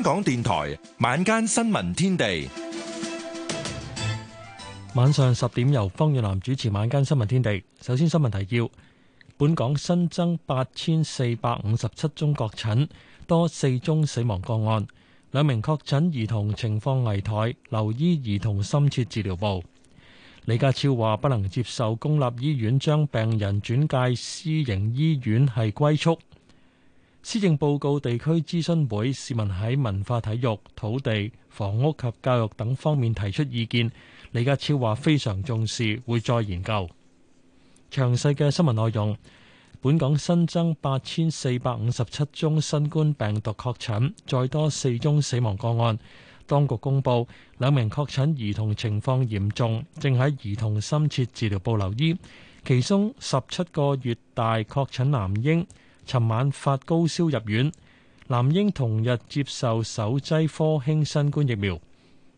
香港電台晚間新聞天地，晚上十點由方遠南主持晚間新聞天地。首先新聞提要：本港新增八千四百五十七宗確診，多四宗死亡個案，兩名確診兒童情況危殆，留醫兒童深切治療部。李家超話不能接受公立醫院將病人轉介私營醫院係歸宿。施政報告地區諮詢會市民喺文化體育、土地、房屋及教育等方面提出意見，李家超話非常重視，會再研究。詳細嘅新聞內容，本港新增八千四百五十七宗新冠病毒確診，再多四宗死亡個案。當局公布兩名確診兒童情況嚴重，正喺兒童深切治療部留醫，其中十七個月大確診男嬰，尋晚發高燒入院，男嬰同日接受首劑科興新冠疫苗。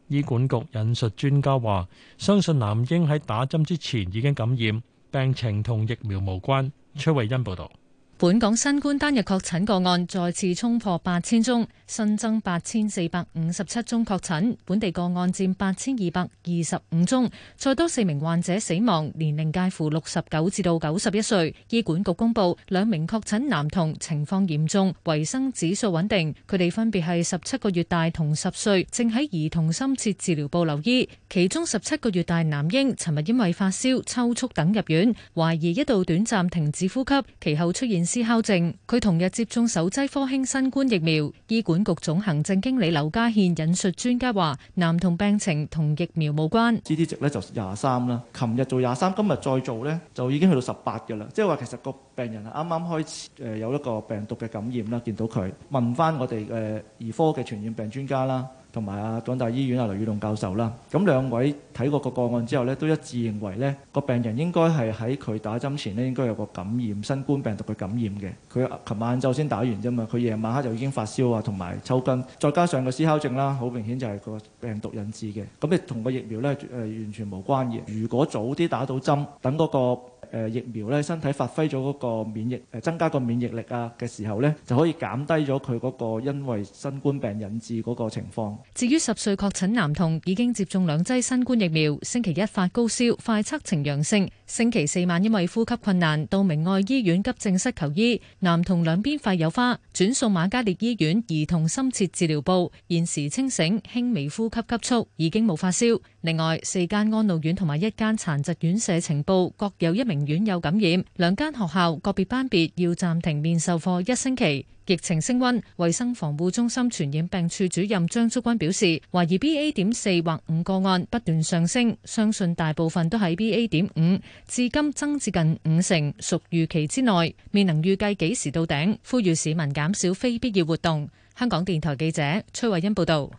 醫管局引述專家話，相信男嬰喺打針之前已經感染，病情同疫苗無關。崔慧欣報道，本港新冠單日確診個案再次衝破八千宗。新增八千四百五十七宗確診，本地個案佔八千二百二十五宗，再多四名患者死亡，年齡介乎六十九至到九十一歲。醫管局公布兩名確診男童情況嚴重，維生指數穩定。佢哋分別係十七個月大同十歲，正喺兒童深切治療部留醫。其中十七個月大男嬰尋日因為發燒、抽搐等入院，懷疑一度短暫停止呼吸，其後出現思考症。佢同日接種首劑科興新冠疫苗，醫管。局總行政經理劉家獻引述專家話：男童病情同疫苗無關。Ct 值咧就廿三啦，琴日做廿三，今日再做咧就已經去到十八噶啦。即係話其實個病人係啱啱開始誒有一個病毒嘅感染啦，見到佢問翻我哋嘅兒科嘅傳染病專家啦。同埋啊，港大醫院啊，劉宇隆教授啦，咁兩位睇過個個案之後咧，都一致認為咧，個病人應該係喺佢打針前咧，應該有個感染新冠病毒嘅感染嘅。佢琴晚晝先打完啫嘛，佢夜晚黑就已經發燒啊，同埋抽筋，再加上個思考症啦，好明顯就係個病毒引致嘅。咁誒同個疫苗咧誒、呃、完全冇關嘅。如果早啲打到針，等嗰、那個、呃、疫苗咧，身體發揮咗嗰個免疫誒、呃、增加個免疫力啊嘅時候咧，就可以減低咗佢嗰個因為新冠病引致嗰個情況。至於十歲確診男童，已經接種兩劑新冠疫苗，星期一發高燒，快測呈陽性。星期四晚，因為呼吸困難到明愛醫院急症室求醫，男童兩邊肺有花，轉送瑪嘉烈醫院兒童深切治療部，現時清醒，輕微呼吸急促，已經冇發燒。另外四間安老院同埋一間殘疾院舍呈報，各有一名院友感染。兩間學校個別班別要暫停面授課一星期。疫情升溫，衛生防護中心傳染病處主任張竹君表示，懷疑 B A. 點四或五個案不斷上升，相信大部分都係 B A. 點五。至今增至近五成，屬預期之內，未能預計幾時到頂，呼籲市民減少非必要活動。香港電台記者崔慧欣報道。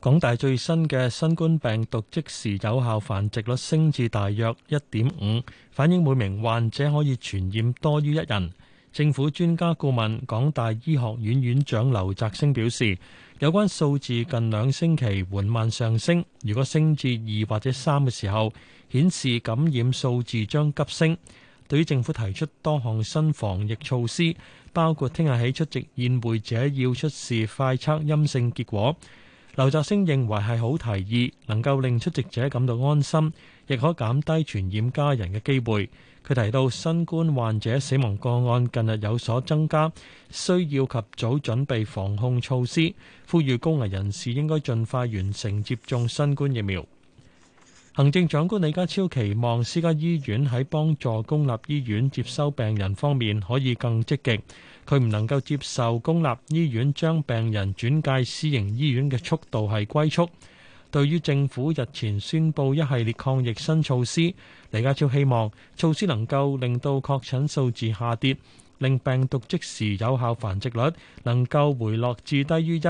港大最新嘅新冠病毒即時有效繁殖率升至大約一點五，反映每名患者可以傳染多於一人。政府專家顧問港大醫學院院長劉澤星表示，有關數字近兩星期緩慢上升，如果升至二或者三嘅時候。顯示感染數字將急升。對於政府提出多項新防疫措施，包括聽日起出席宴會者要出示快測陰性結果，劉澤星認為係好提議，能夠令出席者感到安心，亦可減低傳染家人嘅機會。佢提到新冠患者死亡個案近日有所增加，需要及早準備防控措施，呼籲高危人士應該盡快完成接種新冠疫苗。行政長官李家超期望私家醫院喺幫助公立醫院接收病人方面可以更積極。佢唔能夠接受公立醫院將病人轉介私營醫院嘅速度係龜速。對於政府日前宣布一系列抗疫新措施，李家超希望措施能夠令到確診數字下跌，令病毒即時有效繁殖率能夠回落至低於一。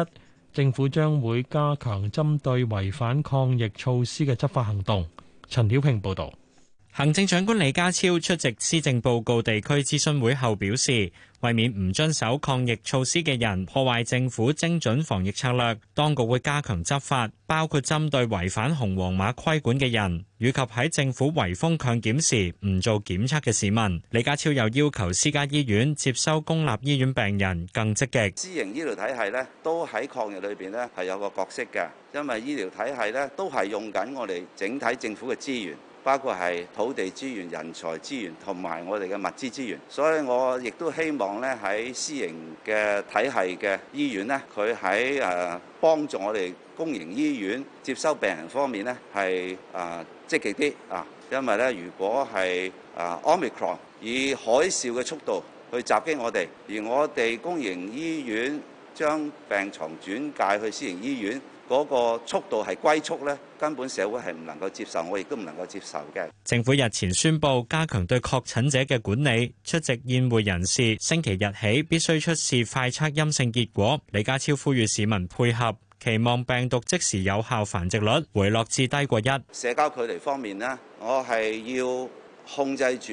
政府將會加強針對違反抗疫措施嘅執法行動。陳曉平報導。行政長官李家超出席施政報告地區諮詢會後表示，為免唔遵守抗疫措施嘅人破壞政府精準防疫策略，當局會加強執法，包括針對違反紅黃碼規管嘅人，以及喺政府圍封強檢時唔做檢測嘅市民。李家超又要求私家醫院接收公立醫院病人更積極。私營醫療體系呢都喺抗疫裏邊呢係有個角色嘅，因為醫療體系呢都係用緊我哋整體政府嘅資源。包括係土地資源、人才資源同埋我哋嘅物資資源，所以我亦都希望咧喺私營嘅體系嘅醫院咧，佢喺誒幫助我哋公營醫院接收病人方面咧係誒積極啲啊！因為咧，如果係誒 Omicron 以海嘯嘅速度去襲擊我哋，而我哋公營醫院將病床轉介去私營醫院。嗰個速度係龜速咧，根本社會係唔能夠接受，我亦都唔能夠接受嘅。政府日前宣布加強對確診者嘅管理，出席宴會人士星期日起必須出示快測陰性結果。李家超呼籲市民配合，期望病毒即時有效繁殖率回落至低過一。社交距離方面咧，我係要控制住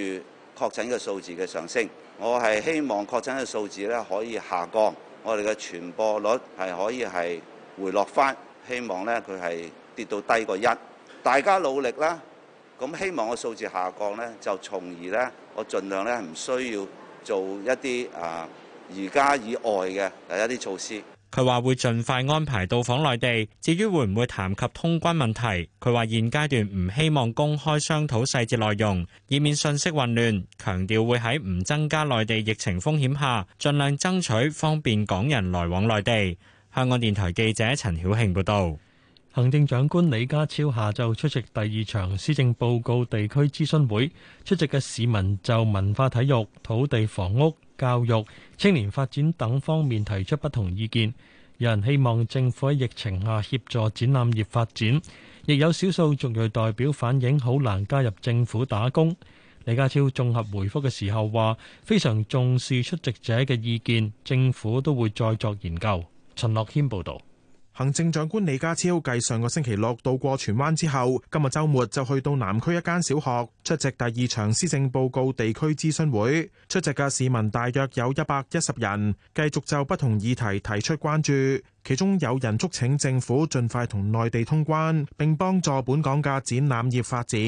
確診嘅數字嘅上升，我係希望確診嘅數字咧可以下降，我哋嘅傳播率係可以係。回落翻，希望咧佢係跌到低過一，大家努力啦。咁希望個數字下降咧，就從而咧，我盡量咧唔需要做一啲啊而家以外嘅一啲措施。佢話會盡快安排到訪內地，至於會唔會談及通關問題，佢話現階段唔希望公開商討細節內容，以免信息混亂，強調會，喺唔增加內地疫情風險下，盡量爭取方便港人來往內地。香港電台記者陳曉慶報道，行政長官李家超下晝出席第二場施政報告地區諮詢會，出席嘅市民就文化、體育、土地、房屋、教育、青年發展等方面提出不同意見。有人希望政府喺疫情下協助展覽業發展，亦有少數族裔代表反映好難加入政府打工。李家超綜合回覆嘅時候話，非常重視出席者嘅意見，政府都會再作研究。陳樂謙報道，行政長官李家超繼上個星期六到過荃灣之後，今日周末就去到南區一間小學出席第二場施政報告地區諮詢會。出席嘅市民大約有一百一十人，繼續就不同議題提出關注。其中有人促請政府盡快同內地通關，並幫助本港嘅展覽業發展。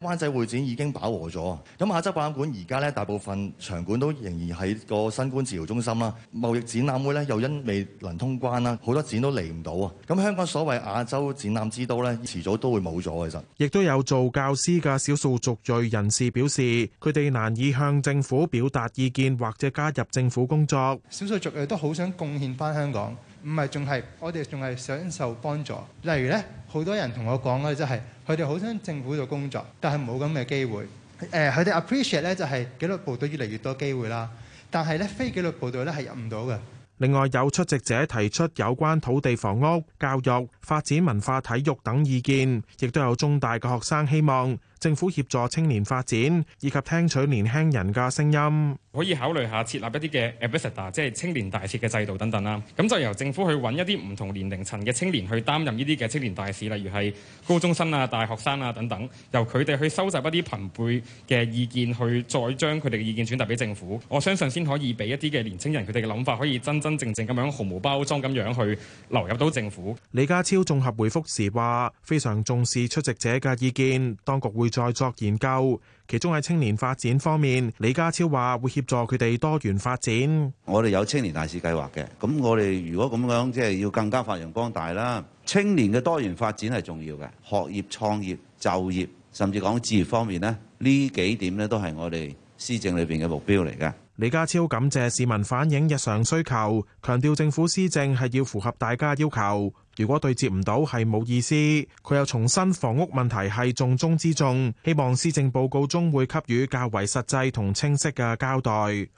灣仔會展已經飽和咗啊！咁亞洲博覽館而家咧，大部分場館都仍然喺個新冠治療中心啦。貿易展覽會咧又因未能通關啦，好多展都嚟唔到啊！咁香港所謂亞洲展覽之都咧，遲早都會冇咗其實。亦都有做教師嘅少數族裔人士表示，佢哋難以向政府表達意見或者加入政府工作。少數族裔都好想貢獻返香港。唔係仲係，我哋仲係想受幫助。例如咧，好多人同我講咧，就係佢哋好想政府度工作，但係冇咁嘅機會。誒，佢哋 appreciate 咧，就係紀律部隊越嚟越多機會啦。但係咧，非紀律部隊咧係入唔到嘅。另外，有出席者提出有關土地、房屋、教育、發展、文化、體育等意見，亦都有中大嘅學生希望政府協助青年發展，以及聽取年輕人嘅聲音，可以考慮下設立一啲嘅 ambassador 即係青年大使嘅制度等等啦。咁就由政府去揾一啲唔同年齡層嘅青年去擔任呢啲嘅青年大使，例如係高中生啊、大學生啊等等，由佢哋去收集一啲朋輩嘅意見，去再將佢哋嘅意見轉達俾政府。我相信先可以俾一啲嘅年輕人佢哋嘅諗法，可以真真正正咁樣毫無包裝咁樣去流入到政府。李家超綜合回覆時話：非常重視出席者嘅意見，當局會，再作研究，其中喺青年發展方面，李家超話會協助佢哋多元發展。我哋有青年大使計劃嘅，咁我哋如果咁樣即係要更加發揚光大啦，青年嘅多元發展係重要嘅，學業、創業、就業，甚至講置業方面咧，呢幾點咧都係我哋施政裏邊嘅目標嚟嘅。李家超感謝市民反映日常需求，強調政府施政係要符合大家要求。如果對接唔到係冇意思。佢又重申房屋問題係重中之重，希望施政報告中會給予較為實際同清晰嘅交代。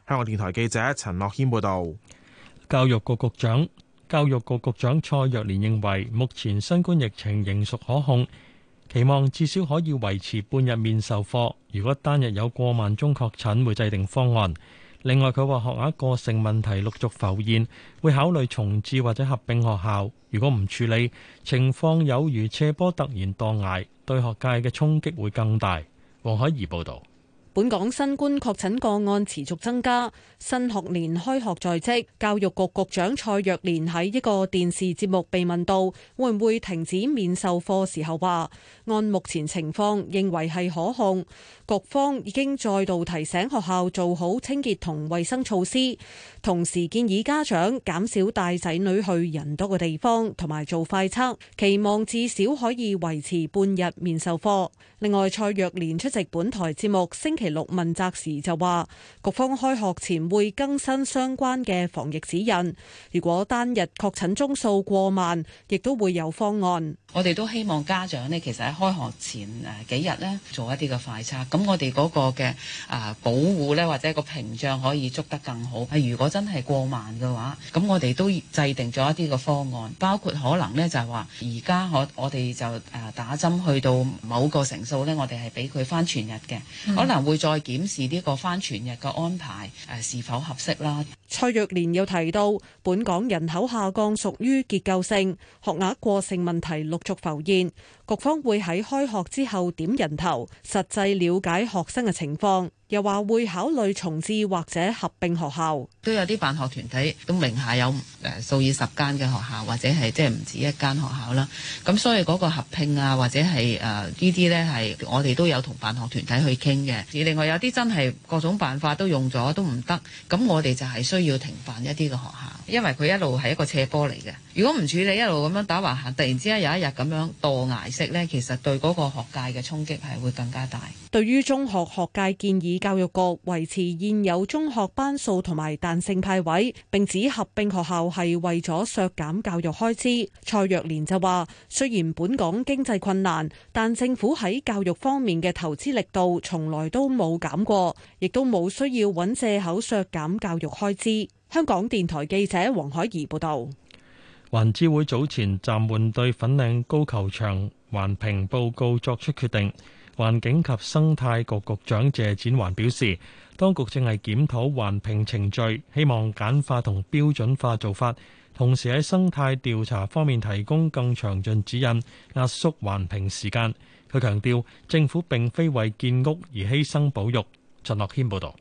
香港電台記者陳樂謙報道。教育局局長教育局局長蔡若蓮認為，目前新冠疫情仍屬可控，期望至少可以維持半日面授課。如果單日有過萬宗確診，會制定方案。另外，佢話學額過剩問題陸續浮現，會考慮重置或者合併學校。如果唔處理，情況有如斜坡突然墮崖，對學界嘅衝擊會更大。黃海怡報導。本港新冠確診個案持續增加，新學年開學在即，教育局局長蔡若蓮喺一個電視節目被問到會唔會停止面授課時候話：按目前情況，認為係可控。局方已經再度提醒學校做好清潔同衛生措施，同時建議家長減少帶仔女去人多嘅地方，同埋做快測，期望至少可以維持半日面授課。另外，蔡若蓮出席本台節目星期六問責時就話，局方開學前會更新相關嘅防疫指引，如果單日確診宗數過萬，亦都會有方案。我哋都希望家長呢，其實喺開學前誒幾日呢做一啲嘅快測。我哋嗰個嘅啊保護咧，或者個屏障可以捉得更好。係如果真係過慢嘅話，咁我哋都制定咗一啲個方案，包括可能咧就係話而家可我哋就誒打針去到某個成數咧，我哋係俾佢翻全日嘅，可能會再檢視呢個翻全日嘅安排誒是否合適啦。蔡若蓮又提到，本港人口下降屬於結構性學額過剩問題陸續浮現，局方會喺開學之後點人頭，實際了。解學生嘅情況。又話會考慮重置或者合併學校，都有啲辦學團體都名下有誒數以十間嘅學校，或者係即係唔止一間學校啦。咁所以嗰個合併啊，或者係誒呢啲呢，係、呃、我哋都有同辦學團體去傾嘅。而另外有啲真係各種辦法都用咗都唔得，咁我哋就係需要停辦一啲嘅學校，因為佢一路係一個斜坡嚟嘅。如果唔處理一路咁樣打橫行，突然之間有一日咁樣墮崖式呢，其實對嗰個學界嘅衝擊係會更加大。對於中學學界建議。教育局維持現有中學班數同埋彈性派位，並指合併學校係為咗削減教育開支。蔡若蓮就話：雖然本港經濟困難，但政府喺教育方面嘅投資力度從來都冇減過，亦都冇需要揾借口削減教育開支。香港電台記者黃海怡報道。環諮會早前暫緩對粉嶺高球場環評報告作出決定。環境及生態局局長謝展寰表示，當局正係檢討環評程序，希望簡化同標準化做法，同時喺生態調查方面提供更詳盡指引，壓縮環評時間。佢強調，政府並非為建屋而犧牲保育。陳樂軒報導，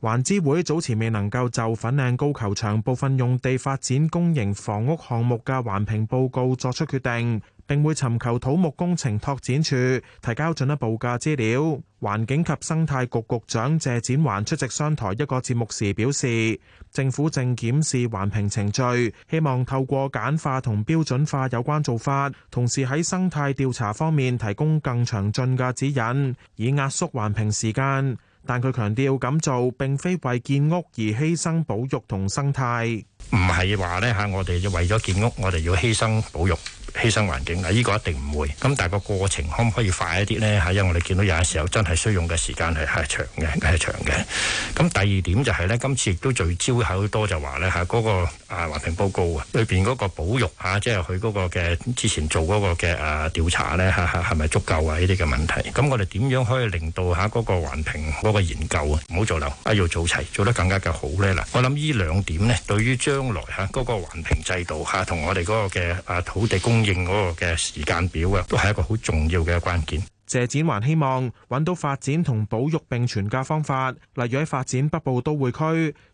環諮會早前未能夠就粉嶺高球場部分用地發展公營房屋項目嘅環評報告作出決定。並會尋求土木工程拓展處提交進一步嘅資料。環境及生態局局長謝展環出席商台一個節目時表示，政府正檢視環評程序，希望透過簡化同標準化有關做法，同時喺生態調查方面提供更詳盡嘅指引，以壓縮環評時間。但佢強調，咁做並非為建屋而犧牲保育同生態，唔係話呢吓，我哋要為咗建屋，我哋要犧牲保育。犧牲環境啊！依個一定唔會咁，但係個過程可唔可以快一啲咧？嚇，因為我哋見到有時候真係需用嘅時間係係長嘅，係長嘅。咁第二點就係咧，今次亦都聚焦好多就話咧嚇嗰個啊環評報告啊，裏邊嗰個保育嚇，即係佢嗰個嘅之前做嗰個嘅啊調查咧嚇嚇係咪足夠啊？依啲嘅問題，咁我哋點樣可以令到嚇嗰個環評嗰個研究啊唔好做漏，一要做齊，做得更加嘅好咧？嗱，我諗依兩點咧，對於將來嚇嗰個環評制度嚇同我哋嗰個嘅啊土地公應嗰個嘅時間表呀，都係一個好重要嘅關鍵。謝展寰希望揾到發展同保育並存嘅方法，例如喺發展北部都會區，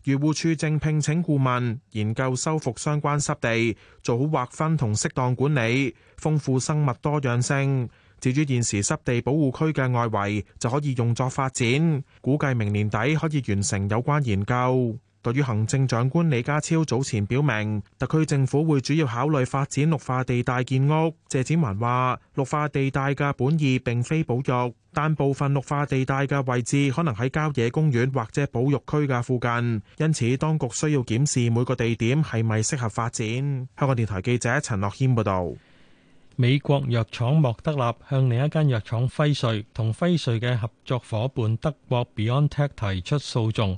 漁護署正聘請顧問研究修復相關濕地，做好劃分同適當管理，豐富生物多樣性。至於現時濕地保護區嘅外圍就可以用作發展，估計明年底可以完成有關研究。對於行政長官李家超早前表明，特區政府會主要考慮發展綠化地帶建屋。謝展寰話：綠化地帶嘅本意並非保育，但部分綠化地帶嘅位置可能喺郊野公園或者保育區嘅附近，因此當局需要檢視每個地點係咪適合發展。香港電台記者陳樂軒報導。美國藥廠莫德納向另一間藥廠輝瑞同輝瑞嘅合作伙伴德國 BioNTech 提出訴訟。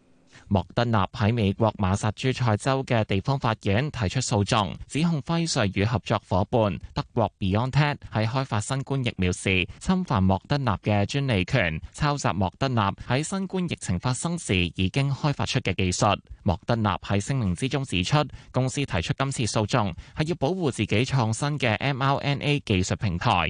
莫德納喺美國馬薩諸塞州嘅地方法院提出訴訟，指控輝瑞與合作夥伴德國 BioNTech 喺開發新冠疫苗時侵犯莫德納嘅專利權，抄襲莫德納喺新冠疫情發生時已經開發出嘅技術。莫德納喺聲明之中指出，公司提出今次訴訟係要保護自己創新嘅 mRNA 技術平台。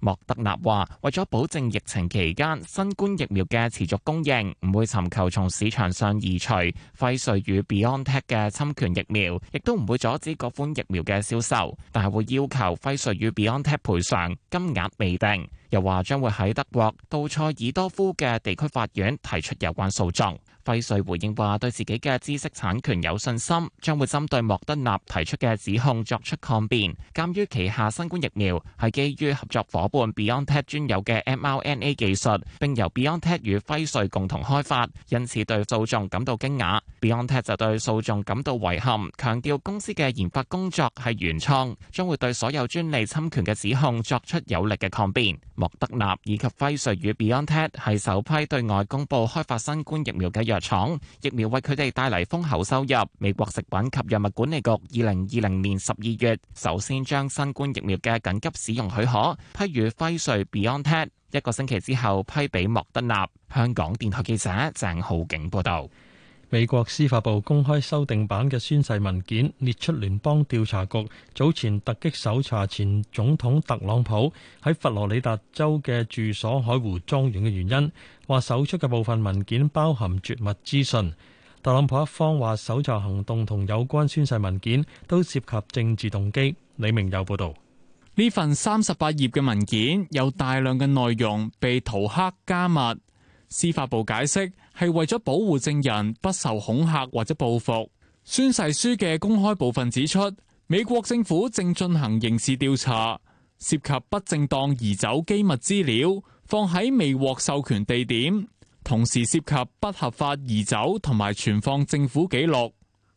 莫德納話：為咗保證疫情期間新冠疫苗嘅持續供應，唔會尋求從市場上移除輝瑞與 BioNTech 嘅侵權疫苗，亦都唔會阻止嗰款疫苗嘅銷售，但係會要求輝瑞與 BioNTech 賠償，金額未定。又話將會喺德國杜塞爾多夫嘅地區法院提出有關訴訟。輝瑞回應話，對自己嘅知識產權有信心，將會針對莫德納提出嘅指控作出抗辯。鑒於旗下新冠疫苗係基於合作夥伴 BioNTech 專有嘅 mRNA 技術，並由 BioNTech 與輝瑞共同開發，因此對訴訟感到驚訝。BioNTech 就對訴訟感到遺憾，強調公司嘅研發工作係原創，將會對所有專利侵權嘅指控作出有力嘅抗辯。莫德納以及輝瑞與 BioNTech 係首批對外公布開發新冠疫苗嘅藥廠疫苗為佢哋帶嚟豐厚收入。美國食品及藥物管理局二零二零年十二月首先將新冠疫苗嘅緊急使用許可批予輝瑞 BioNTech 一個星期之後批俾莫德納。香港電台記者鄭浩景報道。美國司法部公開修訂版嘅宣誓文件，列出聯邦調查局早前突擊搜查前總統特朗普喺佛羅里達州嘅住所海湖莊園嘅原因。話搜出嘅部分文件包含絕密資訊。特朗普一方話搜查行動同有關宣誓文件都涉及政治動機。李明有報導，呢份三十八頁嘅文件有大量嘅內容被塗黑加密。司法部解釋，係為咗保護證人不受恐嚇或者報復，宣誓書嘅公開部分指出，美國政府正進行刑事調查，涉及不正當移走機密資料放喺未獲授權地點，同時涉及不合法移走同埋存放政府記錄。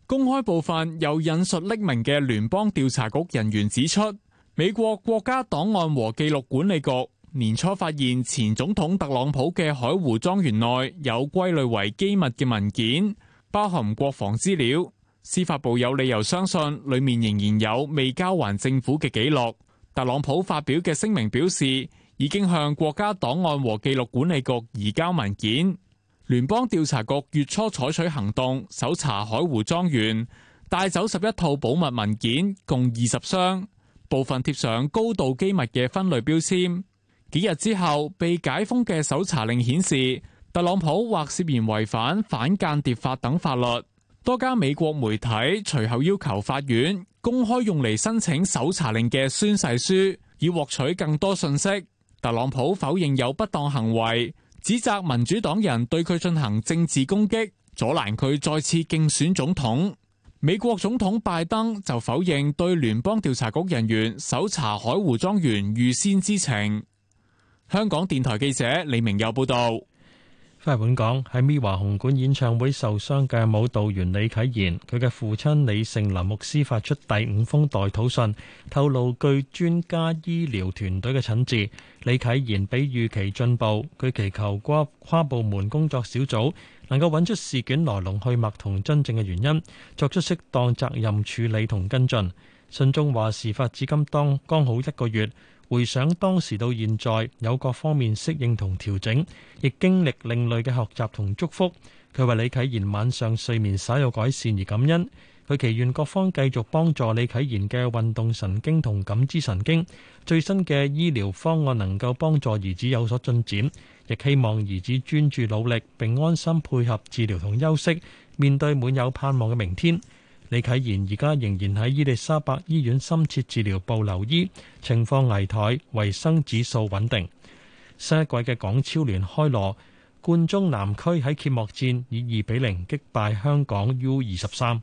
公開部分又引述匿名嘅聯邦調查局人員指出，美國國家檔案和記錄管理局年初發現前總統特朗普嘅海湖莊園內有歸類為機密嘅文件，包含國防資料。司法部有理由相信裏面仍然有未交還政府嘅記錄。特朗普發表嘅聲明表示，已經向國家檔案和記錄管理局移交文件。聯邦調查局月初採取行動搜查海湖莊園，帶走十一套保密文件，共二十箱，部分貼上高度機密嘅分類標籤。幾日之後被解封嘅搜查令顯示，特朗普或涉嫌違反反間諜法等法律。多家美國媒體隨後要求法院公開用嚟申請搜查令嘅宣誓書，以獲取更多信息。特朗普否認有不當行為，指責民主黨人對佢進行政治攻擊，阻攔佢再次競選總統。美國總統拜登就否認對聯邦調查局人員搜查海湖莊園預先知情。香港電台記者李明佑報道：翻嚟本港喺咪華紅館演唱會受傷嘅舞蹈員李啟言，佢嘅父親李盛林牧師發出第五封代禱信，透露據專家醫療團隊嘅診治，李啟言俾預期進步。佢祈求跨跨部門工作小組能夠揾出事件來龍去脈同真正嘅原因，作出適當責任處理同跟進。信中話事發至今當剛好一個月。回想當時到現在，有各方面適應同調整，亦經歷另類嘅學習同祝福。佢為李啟言晚上睡眠稍有改善而感恩。佢祈願各方繼續幫助李啟言嘅運動神經同感知神經，最新嘅醫療方案能夠幫助兒子有所進展，亦希望兒子專注努力並安心配合治療同休息，面對滿有盼望嘅明天。李啟賢而家仍然喺伊利沙伯醫院深切治療部留醫，情況危殆，維生指數穩定。新一季嘅港超聯開鑼，冠忠南區喺揭幕戰以二比零擊敗香港 U 二十三。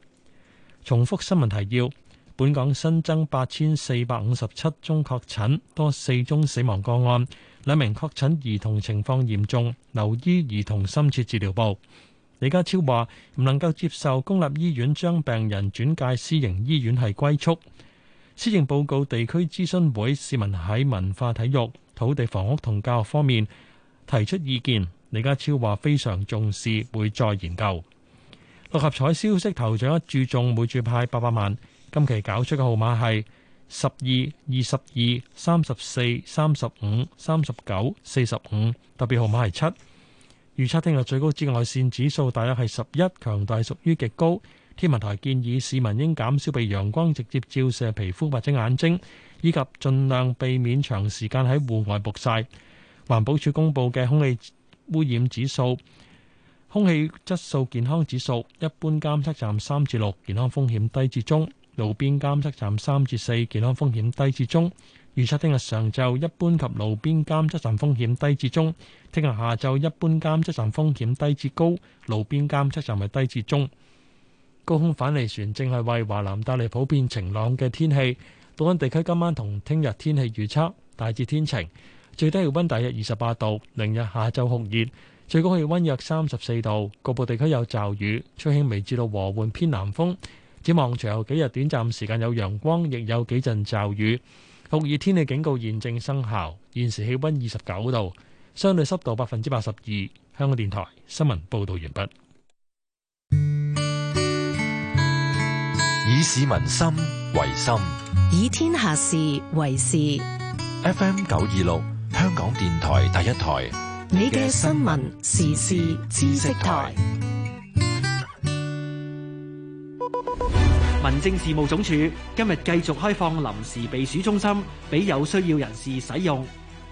重複新聞提要：本港新增八千四百五十七宗確診，多四宗死亡個案，兩名確診兒童情況嚴重，留醫兒童深切治療部。李家超話唔能夠接受公立醫院將病人轉介私營醫院係歸宿。私營報告地區諮詢會市民喺文化體育、土地房屋同教育方面提出意見。李家超話非常重視，會再研究。六合彩消息，頭獎一注中，每注派八百萬。今期搞出嘅號碼係十二、二十二、三十四、三十五、三十九、四十五。特別號碼係七。預測聽日最高紫外線指數大約係十一，強度屬於極高。天文台建議市民應減少被陽光直接照射皮膚或者眼睛，以及盡量避免長時間喺戶外曝曬。環保署公布嘅空氣污染指數、空氣質素健康指數，一般監測站三至六，健康風險低至中；路邊監測站三至四，健康風險低至中。預測聽日上晝一般及路邊監測站風險低至中，聽日下晝一般監測站風險低至高，路邊監測站係低至中。高空反氣旋正係為華南帶嚟普遍晴朗嘅天氣。陸恩地區今晚同聽日天氣預測大致天晴，最低氣溫大約二十八度，明日下晝酷熱，最高氣溫約三十四度。局部地區有驟雨，吹輕微至到和緩偏南風。展望隨後幾日短暫時間有陽光，亦有幾陣驟雨。酷熱天氣警告現正生效，現時氣溫二十九度，相對濕度百分之八十二。香港電台新聞報道完畢。以市民心為心，以天下事為事。FM 九二六，香港電台第一台，你嘅新聞時事知識台。民政事務總署今日繼續開放臨時避暑中心畀有需要人士使用，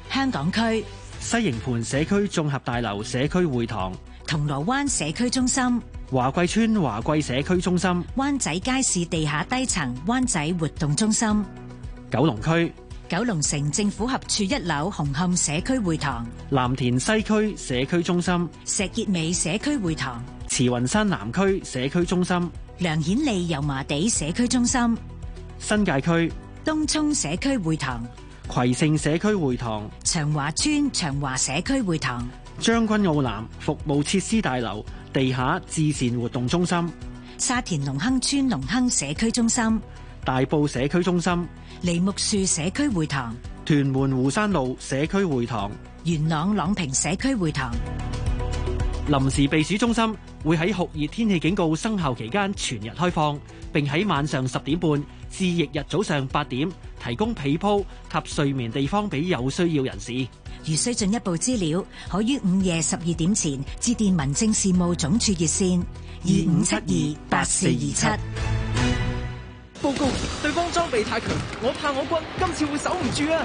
香港區西營盤社區綜合大樓社區會堂、銅鑼灣社區中心、華貴村華貴社區中心、灣仔街市地下低層灣仔活動中心，九龍區九龍城政府合處一樓、紅磡社區會堂、藍田西區社區中心、石硤尾社區會堂、慈雲山南區社區中心、梁顯利油麻地社區中心、新界區東涌社區會堂、葵盛社區會堂、長華村長華社區會堂、將軍澳南服務設施大樓地下至善活動中心、沙田龍坑村龍坑社區中心、大埔社區中心、梨木樹社區會堂、屯門湖山路社區會堂、元朗朗屏社區會堂。臨時避暑中心會喺酷熱天氣警告生效期間全日開放，並喺晚上十點半至翌日早上八點提供被鋪及睡眠地方俾有需要人士。如需進一步資料，可於午夜十二點前致電民政事務總處熱線二五七二八四二七。報告，對方裝備太強，我怕我軍今次會守唔住啊！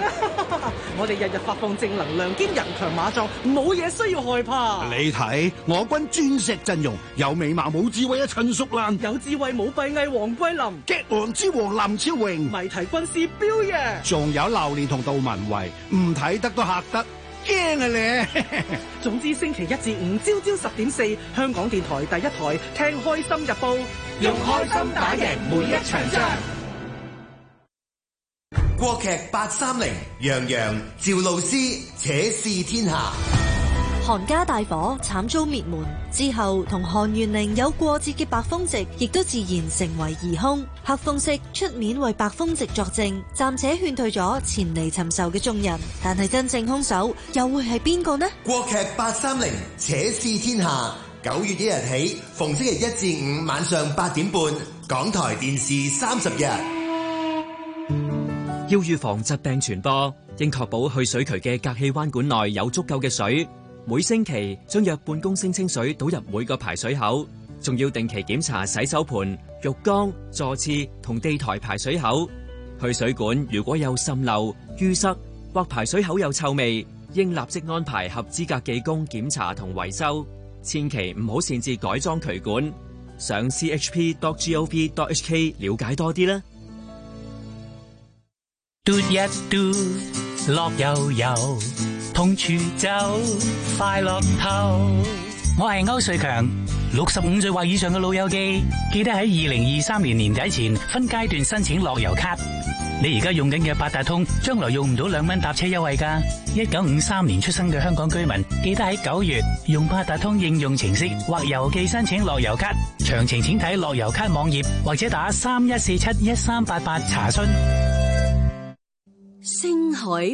我哋日日發放正能量，兼人強馬壯，冇嘢需要害怕。你睇我軍鑽石陣容，有美貌冇智慧嘅陳淑蘭，有智慧冇閉翳黃桂林，激昂之王林超榮，謎題軍師彪爺，仲有榴槤同杜文慧，唔睇得都吓得驚啊你！總之星期一至五，朝朝十點四，香港電台第一台聽《開心日報》。用開心打贏每一場仗。國劇八三零，楊洋、趙露思，且試天下。韓家大火慘遭滅門之後，同韓元齡有過節嘅白風夕，亦都自然成為疑凶。黑豐息出面為白風夕作證，暫且勸退咗前嚟尋仇嘅眾人。但係真正凶手又會係邊個呢？國劇八三零，且試天下。九月一日起，逢星期一至五晚上八點半，港台電視三十日。要預防疾病傳播，應確保去水渠嘅隔氣彎管內有足夠嘅水。每星期將約半公升清水倒入每個排水口，仲要定期檢查洗手盆、浴缸、座廁同地台排水口。去水管如果有滲漏、淤塞或排水口有臭味，應立即安排合資格技工檢查同維修。千祈唔好擅自改裝渠管，上 chp.gov.hk 了解多啲啦。嘟一嘟，樂悠悠，通處走，快樂透。我係歐瑞強，六十五歲或以上嘅老友記，記得喺二零二三年年底前分階段申請樂悠咭。你而家用緊嘅八達通，將來用唔到兩蚊搭車優惠㗎。一九五三年出生嘅香港居民。記得喺九月用八達通應用程式或郵寄申請樂悠咭，詳情請睇樂悠咭網頁或者打三一四七一三八八查詢。星海。